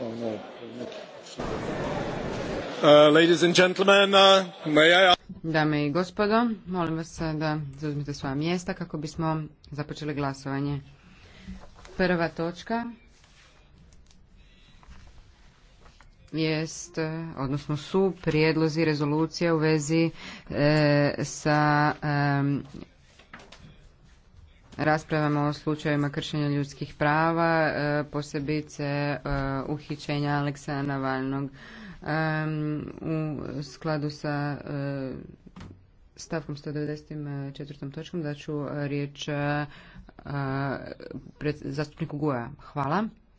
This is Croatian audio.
Uh, uh, Dame i gospodo, molim vas da zauzmite svoja mjesta kako bismo započeli glasovanje. Prva točka jest, odnosno su prijedlozi rezolucija u vezi eh, sa raspravama o slučajevima kršenja ljudskih prava, e, posebice e, uhićenja Aleksa Navalnog. U skladu sa e, stavkom 194. točkom ću riječ zastupniku Guja. Hvala.